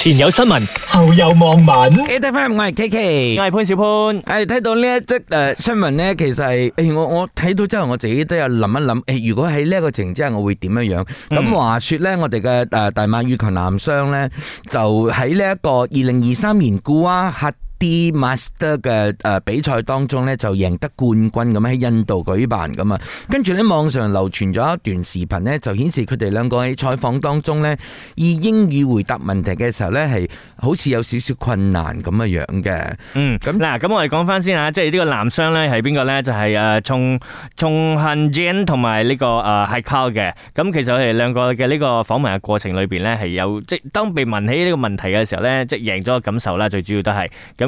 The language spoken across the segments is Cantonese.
前有新聞，後有網民，hey。我係 Kiki，我係潘小潘。係睇到呢一則誒新聞咧，其實誒、欸、我我睇到之後我自己都有諗一諗，誒、欸、如果喺呢一個情形之下我會點樣樣？咁、嗯、話說咧，我哋嘅誒大馬羽球男雙咧，就喺呢一個二零二三年古巴核。啲 master 嘅誒比賽當中咧，就贏得冠軍咁樣，喺印度舉辦噶嘛，跟住咧網上流傳咗一段視頻咧，就顯示佢哋兩個喺採訪當中咧以英語回答問題嘅時候咧係好似有少少困難咁嘅樣嘅。嗯，咁嗱，咁我哋講翻先吓，即係呢個男雙咧係邊個咧？就係誒宋宋慶堅同埋呢個誒 High Paul 嘅。咁其實我哋兩個嘅呢個訪問嘅過程裏邊咧係有，即係當被問起呢個問題嘅時候咧，即係贏咗嘅感受啦，最主要都係咁。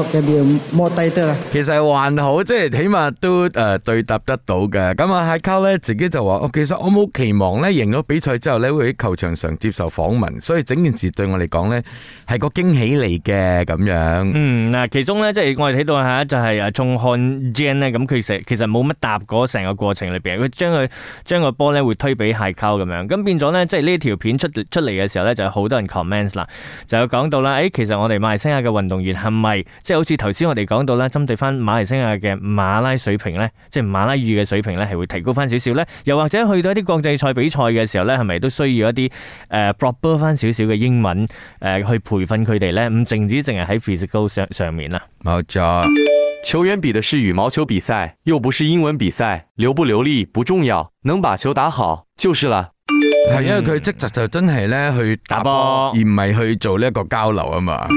嘅表現摸低啲啦，其實還好，即係起碼都誒對答得到嘅。咁啊，契溝咧自己就話：哦，其實我冇期望咧，贏咗比賽之後咧，會喺球場上接受訪問。所以整件事對我嚟講咧，係個驚喜嚟嘅咁樣。嗯，嗱，其中咧，即係我哋睇到吓，就係啊，宋漢堅咧，咁佢成其實冇乜答過，成個過程裏邊，佢將佢將個波咧會推俾契溝咁樣，咁變咗咧，即係呢條片出出嚟嘅時候咧，就有好多人 comment 啦，就有講到啦，誒，其實我哋馬來西亞嘅運動員係咪？即係好似頭先我哋講到啦，針對翻馬來西亞嘅馬拉水平咧，即係馬拉語嘅水平咧，係會提高翻少少咧。又或者去到一啲國際賽比賽嘅時候咧，係咪都需要一啲誒 proble 翻少少嘅英文誒、呃、去培訓佢哋咧？唔淨止淨係喺 physical 上上面啦。冇錯錯，球員比的是羽毛球比賽，又不是英文比賽，流不流利不重要，能把球打好就是啦。係因為、嗯，佢即係就真係咧去打波，而唔係去做呢一個交流啊嘛。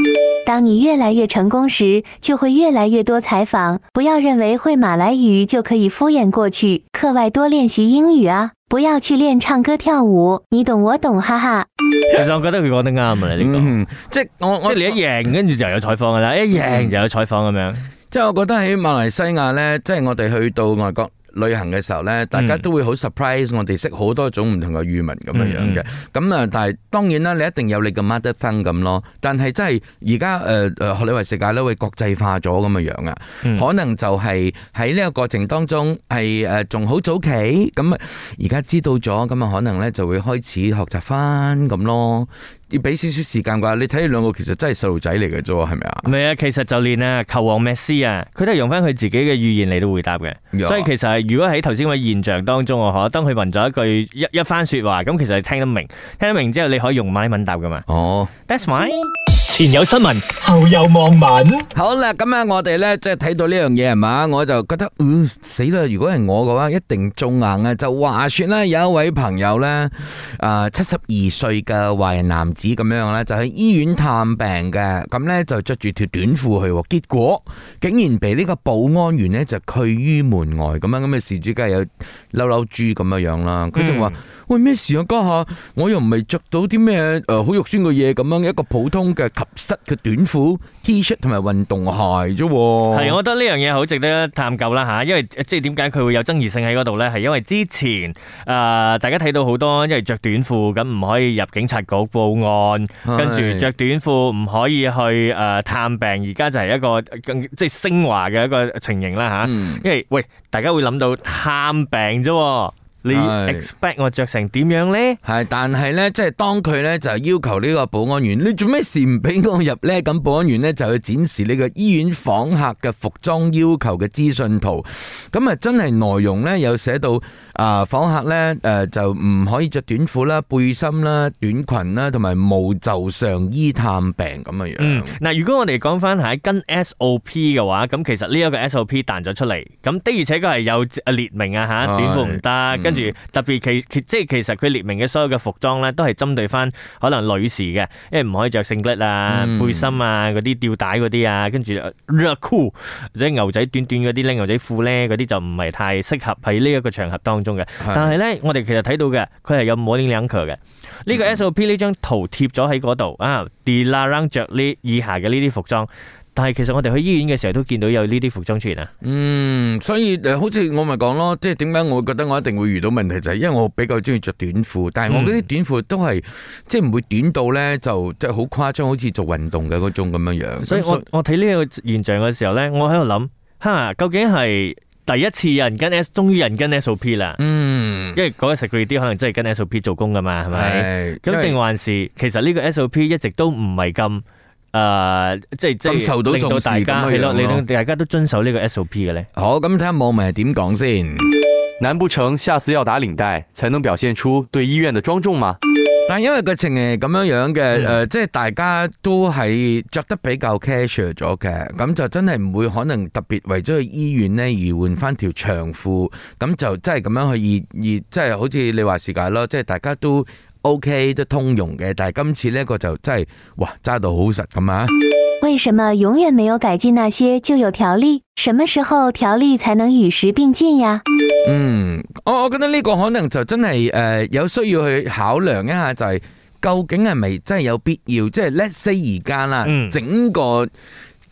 當你越來越成功時，就會越來越多採訪。不要認為會馬來語就可以敷衍過去，課外多練習英語啊！不要去練唱歌跳舞，你懂我懂，哈哈。其實我覺得佢講得啱啊，呢、嗯這個、嗯、即係我，我即係你一贏，跟住、呃、就有採訪噶啦，嗯、一贏就有採訪咁、嗯、樣。即係我覺得喺馬來西亞咧，即係我哋去到外國。旅行嘅時候呢，大家都會好 surprise，我哋識好多種唔同嘅語文咁樣樣嘅。咁啊、嗯，但係當然啦，你一定有你嘅 mother tongue 咁咯。但係真係而家誒誒，呃、你話世界呢，會國際化咗咁嘅樣啊，可能就係喺呢個過程當中係誒仲好早期咁啊，而家知道咗咁啊，可能呢就會開始學習翻咁咯。要俾少少時間啩，你睇你兩個其實真係細路仔嚟嘅啫喎，係咪啊？唔係啊，其實就連啊球王梅西啊，佢都係用返佢自己嘅語言嚟到回答嘅。所以其實如果喺頭先嗰個現象當中啊，我當佢問咗一句一一番説話，咁其實係聽得明，聽得明之後你可以用埋啲問答㗎嘛。哦。That's why. 前有新聞，後有網民。好啦，咁啊，我哋咧即係睇到呢樣嘢係嘛，我就覺得，嗯，死啦！如果係我嘅話，一定中硬啊！就話說咧，有一位朋友咧，誒、呃，七十二歲嘅華人男子咁樣咧，就喺醫院探病嘅，咁咧就着住條短褲去，結果竟然被呢個保安員咧就拒於門外咁樣，咁嘅事主梗係有嬲嬲豬咁樣樣啦。佢就話：嗯、喂，咩事啊？家下我又唔係着到啲咩誒好肉酸嘅嘢，咁樣一個普通嘅。塞佢短褲 T 恤、同埋運動鞋啫，係我覺得呢樣嘢好值得探究啦吓，因為即係點解佢會有爭議性喺嗰度呢？係因為之前誒、呃，大家睇到好多因為着短褲咁唔可以入警察局報案，是跟住着短褲唔可以去誒、呃、探病，而家就係一個更即係昇華嘅一個情形啦吓，啊嗯、因為喂，大家會諗到探病啫。你 expect 我着成點樣呢？係，但係呢，即係當佢呢，就要求呢個保安員，「你做咩事唔俾我入呢？」咁保安員呢，就去展示呢個醫院訪客嘅服裝要求嘅資訊圖。咁啊，真係內容呢，有寫到啊，呃、訪客呢，誒、呃、就唔可以着短褲啦、背心啦、短裙啦，同埋無袖上衣探病咁嘅樣。嗱、嗯，如果我哋講翻喺跟 SOP 嘅話，咁其實呢一個 SOP 彈咗出嚟，咁的而且確係有列明啊吓，短褲唔得，跟。嗯特別其其即係其，其實佢列明嘅所有嘅服裝咧，都係針對翻可能女士嘅，因為唔可以着 singlet 啊、背心啊、嗰啲吊帶嗰啲啊，跟住 the cool 或牛仔短短嗰啲拎牛仔褲咧嗰啲，就唔係太適合喺呢一個場合當中嘅。但係咧，是我哋其實睇到嘅，佢係有 m o d 嘅。呢、這個 SOP 呢張圖貼咗喺嗰度啊，Dilarang 着呢以下嘅呢啲服裝。但係其實我哋去醫院嘅時候都見到有呢啲服裝出現啊，嗯，所以誒，好似我咪講咯，即係點解我會覺得我一定會遇到問題就係因為我比較中意着短褲，但係我嗰啲短褲都係、嗯、即係唔會短到咧就即係好誇張，好似做運動嘅嗰種咁樣樣。嗯、種所以我我睇呢個現象嘅時候咧，我喺度諗吓，究竟係第一次人跟 S，終於人跟 SOP 啦，嗯因跟是是，因為嗰個 security 可能真係跟 SOP 做工噶嘛，係咪？咁定還是其實呢個 SOP 一直都唔係咁？誒、呃，即係即係令到大家係咯，令大家都遵守個呢個 SOP 嘅咧。好，咁睇下網民係點講先。難不成，下次要打領帶，才能表現出對醫院的莊重嗎？但因為個情形係咁樣樣嘅，誒的、呃，即係大家都係着得比較 casual 咗嘅，咁就真係唔會可能特別為咗去醫院呢而換翻條長褲，咁就真係咁樣去而而即係好似你話是解咯，即係大家都。O、okay, K 都通用嘅，但係今次呢個就真係哇揸到好實咁啊！為什麼永遠沒有改進？那些就有條例，什麼時候條例才能與時並進呀？嗯，我我覺得呢個可能就真係誒、呃、有需要去考量一下，就係究竟係咪真係有必要？即係 Let's say 而家啦，嗯、整個。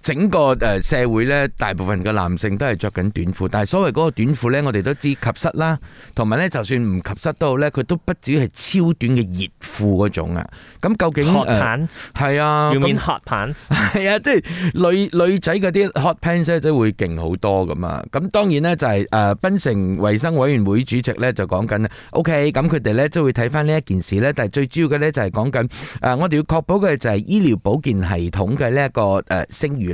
整個誒社會咧，大部分嘅男性都係著緊短褲，但係所謂嗰個短褲咧，我哋都知及膝啦，同埋咧就算唔及膝都好咧，佢都不止係超短嘅熱褲嗰種啊。咁究竟係啊？咁 hot pants 係啊？即係女女仔嗰啲 hot pants 咧，即係會勁好多噶嘛？咁當然咧就係誒，檳城衞生委員會主席咧就講緊 OK，咁佢哋咧即係會睇翻呢一件事咧，但係最主要嘅咧就係講緊誒，我哋要確保嘅就係醫療保健系統嘅呢一個誒聲譽。而唔係呢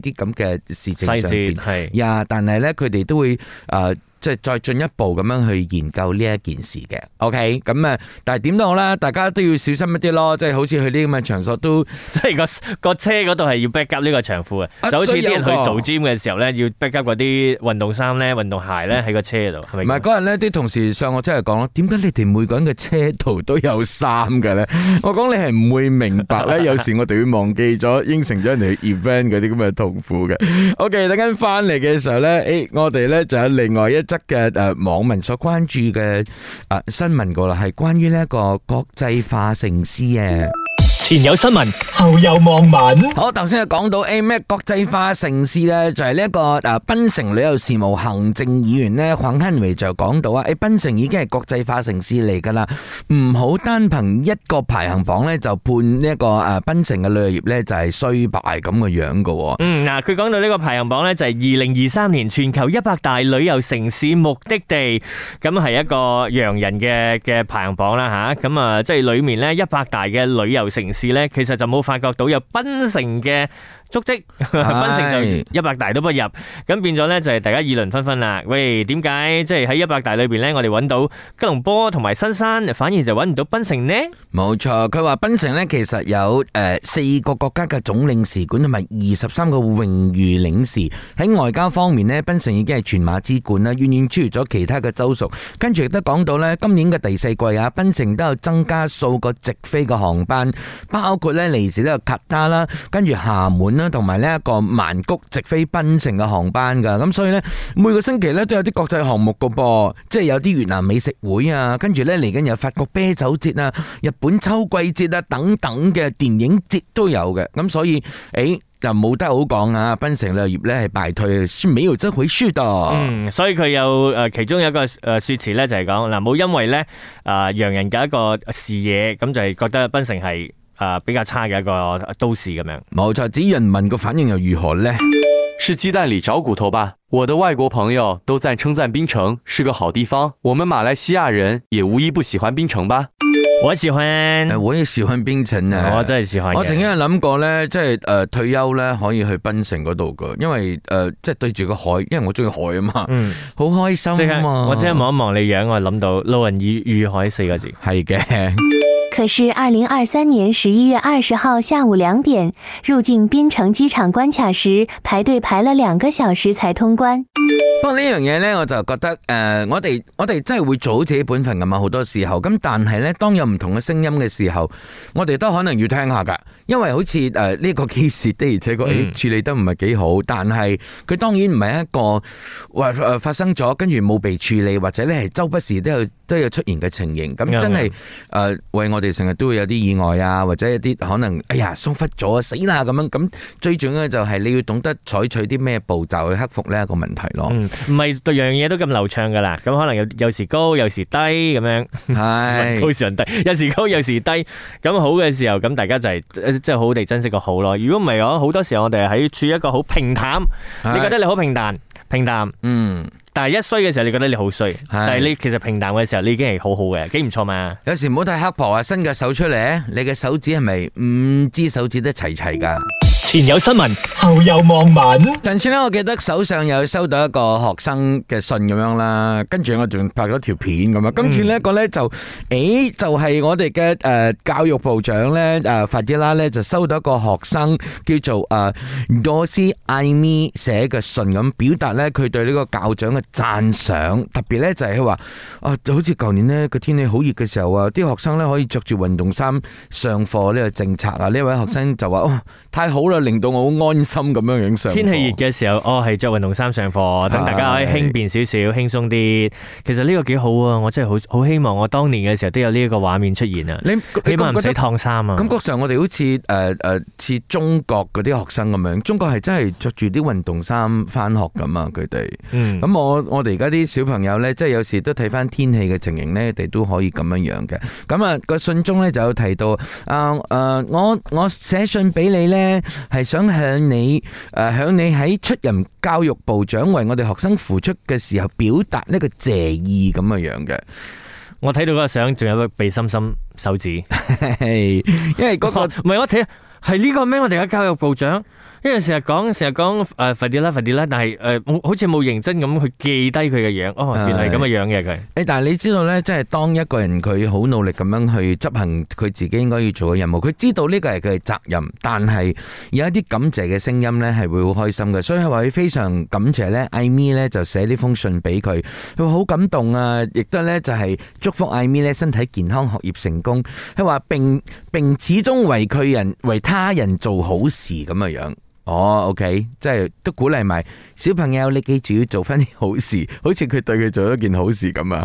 啲咁嘅事情上邊係，呀！Yeah, 但係咧，佢哋都會。誒、呃。即係再進一步咁樣去研究呢一件事嘅，OK，咁啊，但係點都好啦，大家都要小心一啲咯，即係好似去啲咁嘅場所都，即係個個車嗰度係要 backup 呢個長褲啊，就好似啲人去做 gym 嘅時候咧，要 backup 嗰啲運動衫咧、運動鞋咧喺個車度，係咪？唔係嗰日咧，啲同事上我車嚟講咯，點解你哋每個人嘅車度都有衫嘅咧？我講你係唔會明白咧，有時我哋會忘記咗應承咗人哋去 event 嗰啲咁嘅痛苦嘅。OK，等緊翻嚟嘅時候咧，誒，我哋咧就有另外一。即嘅誒網民所關注嘅誒新聞，個啦，係關於呢一個國際化城市嘅。前有新聞，後有網民。好，頭先啊講到咩國際化城市咧，就係呢一個誒，檳城旅遊事務行政議員咧，黃亨維就講到啊，誒，檳城已經係國際化城市嚟噶啦，唔好單憑一個排行榜咧就判呢一個誒，檳城嘅旅遊業咧就係衰敗咁嘅樣噶。嗯，嗱，佢講到呢個排行榜咧，就係二零二三年全球一百大旅遊城市目的地，咁係一個洋人嘅嘅排行榜啦，吓，咁啊，即係裏面咧一百大嘅旅遊城市。其實就冇發覺到有檳城嘅。足跡，檳城就一百大都不入，咁變咗咧就係大家議論紛紛啦。喂，點解即係喺一百大裏邊咧，我哋搵到吉隆坡同埋新山，就反而就搵唔到檳城咧？冇錯，佢話檳城咧其實有誒四個國家嘅總領事館同埋二十三個榮譽領事，喺外交方面咧，檳城已經係全馬之冠啦，遠遠超越咗其他嘅州屬。跟住亦都講到咧，今年嘅第四季啊，檳城都有增加數個直飛嘅航班，包括咧嚟自咧卡塔啦，跟住廈門。啦，同埋呢一個曼谷直飛檳城嘅航班噶，咁所以咧，每個星期咧都有啲國際項目噶噃，即係有啲越南美食會啊，跟住咧嚟緊有法國啤酒節啊、日本秋季節啊等等嘅電影節都有嘅，咁所以誒就冇得好講啊！檳城旅遊業咧係敗退，先美又真會輸到，嗯，所以佢有誒其中一個誒說辭咧就係講嗱，冇因為咧誒洋人嘅一個視野咁就係覺得檳城係。啊，比較差嘅一個都市咁樣，冇錯，但係人民嘅反應又如何咧？是雞蛋裏找骨頭吧？我的外國朋友都在稱讚檳城是個好地方，我們馬來西亞人也無一不喜歡檳城吧？我喜歡、啊，我也喜歡檳城啊！我真係喜歡。我曾經諗過咧，即係誒、呃、退休咧可以去檳城嗰度嘅，因為誒、呃、即係對住個海，因為我中意海啊嘛，好、嗯、開心啊嘛。我真係望一望你樣，我諗到老人與與海四個字，係嘅。可是二零二三年十一月二十號下午兩點入境檳城機場關卡時，排隊排了兩個小時才通關。不過呢樣嘢呢，我就覺得誒、呃，我哋我哋真係會做自己本份噶嘛，好多時候咁。但係呢，當有唔同嘅聲音嘅時候，我哋都可能要聽下噶，因為好似誒呢個 case 的而且確誒處理得唔係幾好。嗯、但係佢當然唔係一個話發生咗，跟住冇被處理，或者呢係周不時都有。都有出現嘅情形，咁真係誒，為我哋成日都會有啲意外啊，或者一啲可能，哎呀，疏忽咗，死啦咁樣，咁最重要咧就係你要懂得採取啲咩步驟去克服呢一個問題咯。嗯，唔係樣樣嘢都咁流暢噶啦，咁可能有有時高，有時低咁樣，係高時低，有時高，有時低。咁好嘅時候，咁大家就係即係好好地珍惜個好咯。如果唔係我好多時候，我哋喺處一個好平淡，你覺得你好平淡，平淡，嗯。但係一衰嘅時候，你覺得你好衰？是的 但係你其實平淡嘅時候，你已經係好好嘅，幾唔錯嘛？有時唔好睇黑婆啊，伸個手出嚟，你嘅手指係咪五支手指都齊齊㗎？前有新聞，後有網民。陣時咧，我記得手上有收到一個學生嘅信咁樣啦，跟住我仲拍咗條片咁樣，跟住呢個咧就，誒就係我哋嘅誒教育部長咧誒法基拉咧就收到一個學生叫做誒若斯艾咪寫嘅信，咁，表達咧佢對呢個校長嘅讚賞，特別咧就係佢話啊，就好似舊年咧個天氣好熱嘅時候啊，啲學生咧可以著住運動衫上課，呢個政策啊，呢一位學生就話哦，太好啦！令到我好安心咁樣影相。天氣熱嘅時候，哦，係着運動衫上課，等大家可以輕便少少、輕鬆啲。其實呢個幾好啊，我真係好好希望我當年嘅時候都有呢一個畫面出現啊。你你唔唔使燙衫啊？感覺上我哋好似誒誒，似中國嗰啲學生咁樣，中國係真係着住啲運動衫翻學噶嘛？佢哋，嗯，咁我我哋而家啲小朋友咧，即係有時都睇翻天氣嘅情形咧，哋都可以咁樣樣嘅。咁啊個信中咧就有提到，啊、呃、誒，我我寫信俾你咧。係想向你誒，向你喺出任教育部長為我哋學生付出嘅時候，表達呢個謝意咁嘅樣嘅。我睇到個相，仲有個鼻心心手指，因為嗰個唔係我睇，係呢個咩？我哋嘅教育部長。因為成日講，成日講誒，快啲啦，快啲啦！但係誒，冇好似冇認真咁去記低佢嘅樣。哦，原嚟咁嘅樣嘅佢。誒，但係你知道咧，即係當一個人佢好努力咁樣去執行佢自己應該要做嘅任務，佢知道呢個係佢嘅責任。但係有一啲感謝嘅聲音咧，係會好開心嘅。所以佢話佢非常感謝咧，艾咪咧就寫呢封信俾佢。佢話好感動啊！亦都咧就係祝福艾咪咧身體健康、學業成功。佢話並並始終為佢人為他人做好事咁嘅樣。哦、oh，OK，即係都鼓勵埋小朋友，你記住要做翻啲好事，好似佢對佢做咗一件好事咁啊！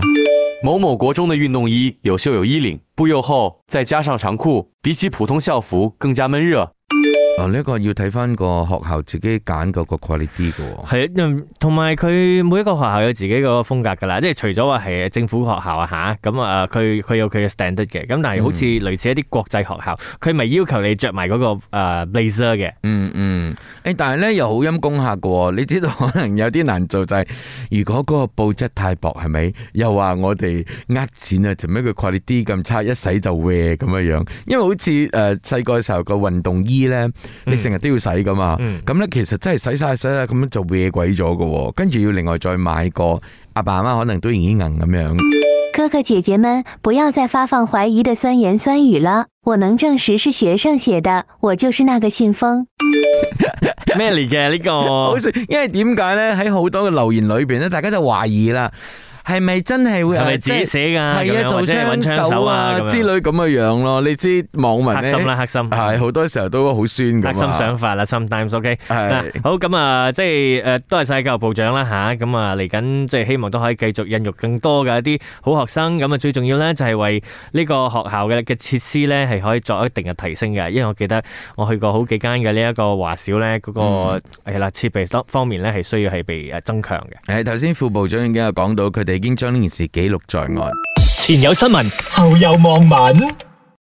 某某國中的運動衣有袖有衣領，布又厚，再加上長褲，比起普通校服更加悶熱。呢一、哦這個要睇翻個學校自己揀嗰個 quality 嘅，係啊，同埋佢每一個學校有自己個風格噶啦，即係除咗話係政府學校啊吓，咁啊佢佢有佢嘅 standard 嘅，咁但係好似類似一啲國際學校，佢咪、嗯、要求你着埋嗰個誒、呃、blazer 嘅、嗯，嗯嗯，誒、欸、但係咧又好陰功下嘅，你知道可能有啲難做就係、是，如果嗰個布質太薄係咪？又話我哋呃錢啊，做咩個 quality 咁差，一洗就 wear 咁樣樣，因為好似誒細個時候個運動衣咧。嗯、你成日都要洗噶嘛？咁咧其實真係洗晒洗啦，咁樣就嘢鬼咗嘅。跟住要另外再買個阿爸阿媽，可能都已經硬咁樣。哥哥姐姐們，不要再發放懷疑的酸言酸語了。我能證實是學生寫的，我就是那個信封。咩嚟嘅呢個？ 因為點解咧？喺好多嘅留言裏邊咧，大家就懷疑啦。係咪真係會係自己寫噶？係啊，做槍手啊之類咁嘅樣咯。你知網民咧，黑心啦，黑心，係好多時候都好酸嘅。黑心想法啦，心 time。O.K. 嗱，好咁啊，即係誒，多謝晒教育部長啦吓。咁啊，嚟緊即係希望都可以繼續孕育更多嘅一啲好學生。咁啊，最重要咧就係為呢個學校嘅嘅設施咧係可以作一定嘅提升嘅。因為我記得我去過好幾間嘅呢一個華小咧，嗰個係啦設備方面咧係需要係被誒增強嘅。誒，頭先副部長已經有講到佢哋。已經將呢件事記錄在案。前有新聞，後有網民。